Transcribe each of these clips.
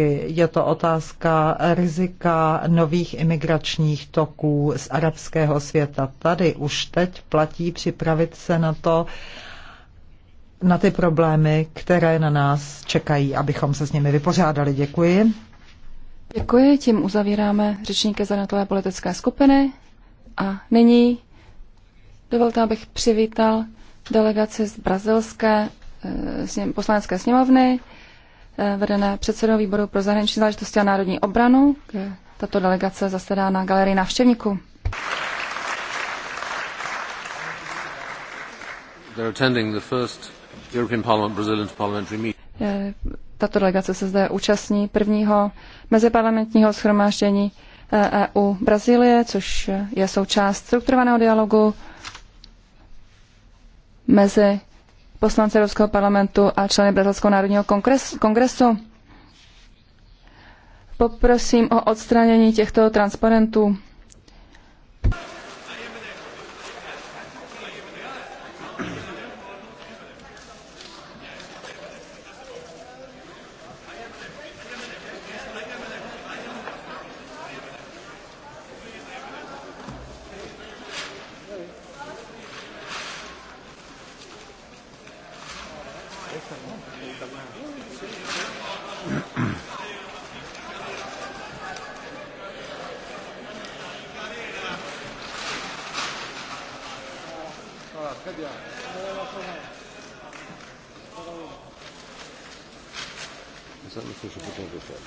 otázky. Je to otázka rizika nových imigračních toků z arabského světa. Tady už teď platí připravit se na to, na ty problémy, které na nás čekají, abychom se s nimi vypořádali. Děkuji. Děkuji, tím uzavíráme řečníky zanatové politické skupiny. A nyní dovolte, abych přivítal delegaci z brazilské eh, poslanecké sněmovny, Eh, vedené předsedou výboru pro zahraniční záležitosti a národní obranu. Tato delegace zasedá na galerii návštěvníků. Eh, tato delegace se zde účastní prvního meziparlamentního schromáždění EU eh, e Brazílie, což je součást strukturovaného dialogu mezi poslance Evropského parlamentu a členy Brazilského národního kongresu. Poprosím o odstranění těchto transparentů. Myslím, že to je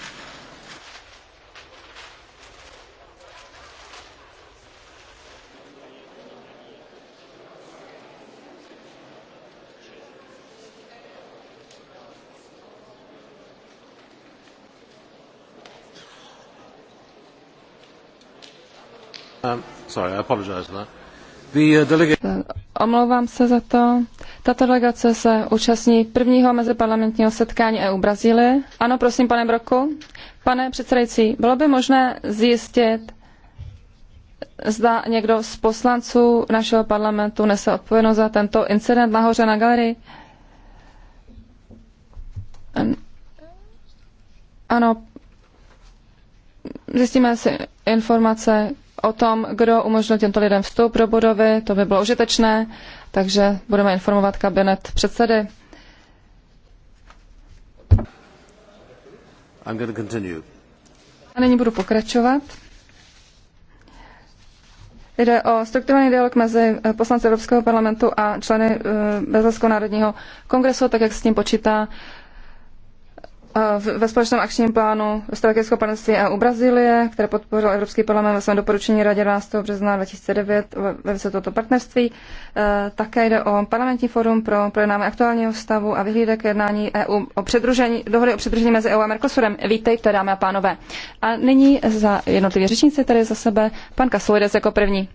Um, uh, eh, omlouvám se za to. Tato delegace se účastní prvního meziparlamentního setkání EU Brazílie. Ano, prosím, pane Broku. Pane předsedající, bylo by možné zjistit, zda někdo z poslanců našeho parlamentu nese odpovědnost za tento incident nahoře na galerii? Ano, zjistíme si informace o tom, kdo umožnil těmto lidem vstup do budovy, to by bylo užitečné, takže budeme informovat kabinet předsedy. I'm going to continue. A nyní budu pokračovat. Jde o strukturovaný dialog mezi eh, poslanci Evropského parlamentu a členy eh, Bezleského národního kongresu, tak jak s tím počítá ve společném akčním plánu strategického partnerství EU Brazílie, které podpořil Evropský parlament ve svém doporučení Radě 11. března 2009 ve věci toto partnerství. Eh, také jde o parlamentní forum pro projednávání aktuálního stavu a vyhlídek jednání EU o předružení, dohody o předružení mezi EU a Mercosurem. Vítejte, dámy a pánové. A nyní za jednotlivé řečnice, tedy za sebe, pan Kasolides jako první.